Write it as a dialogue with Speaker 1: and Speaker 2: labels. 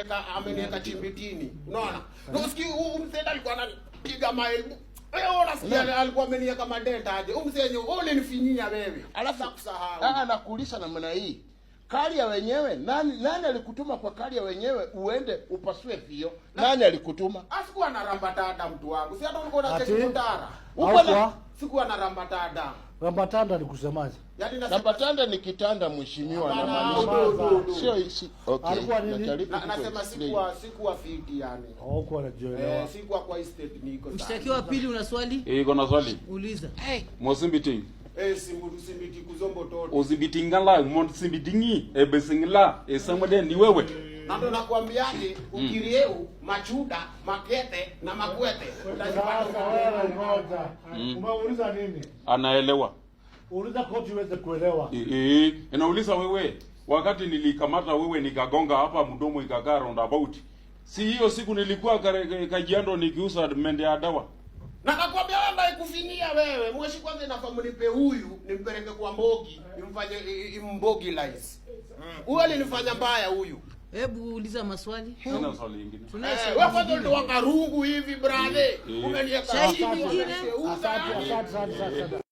Speaker 1: ameniweka ameniweka chimbitini, unaona na usikii huu mzee alikuwa anapiga maelfu wewe unasikia alikuwa ameniweka madenta aje wewe, alafu ah, namna hii kali ya wenyewe nani nani alikutuma kwa kali ya wenyewe uende upasue vio? Nani alikutuma? Asikuwa ah, na mtu wangu, si hata ulikuwa mtara uko na sikuwa na rambatanda.
Speaker 2: Rambatanda ni kusemaje?
Speaker 1: Yaani na rambatanda ni kitanda mheshimiwa, na maanisha sio isi. Okay. Alikuwa nini? Na, nasema sikuwa sikuwa fiti yani.
Speaker 2: Oh, kwa anajielewa. Eh,
Speaker 1: sikuwa kwa estate niko
Speaker 2: sasa. Mshtakiwa pili una swali?
Speaker 1: Eh, iko na swali. Uliza. Eh. Mosimbiti. Eh, simudu simbiti kuzombo toto. Uzibitinga la, mond simbitingi, ebesingla, esamode eh, ni wewe na ndo nakwambiaje, Ukirieu, Machuda, Makete na Makwete. Mm. Umeuliza nini? Anaelewa. Uliza koti uweze kuelewa. Eh, eh, inauliza wewe, wakati nilikamata wewe nikagonga hapa mdomo ikakaa roundabout. Si hiyo siku nilikuwa Kajiando nikiuza mende ya dawa. Nakakwambia wewe mbaye kufinia wewe, mweshi kwanza nafamu nipe huyu, nimpeleke kwa Mbogi, nimfanye Mbogi lies. Mm. Huyo alinifanya mbaya huyu.
Speaker 2: Hebu uliza maswali.
Speaker 1: Tuna swali lingine. Wewe kwanza eh, ulitoa karungu hivi brother. Eh, eh. Umeniacha. Asante, asante, asante.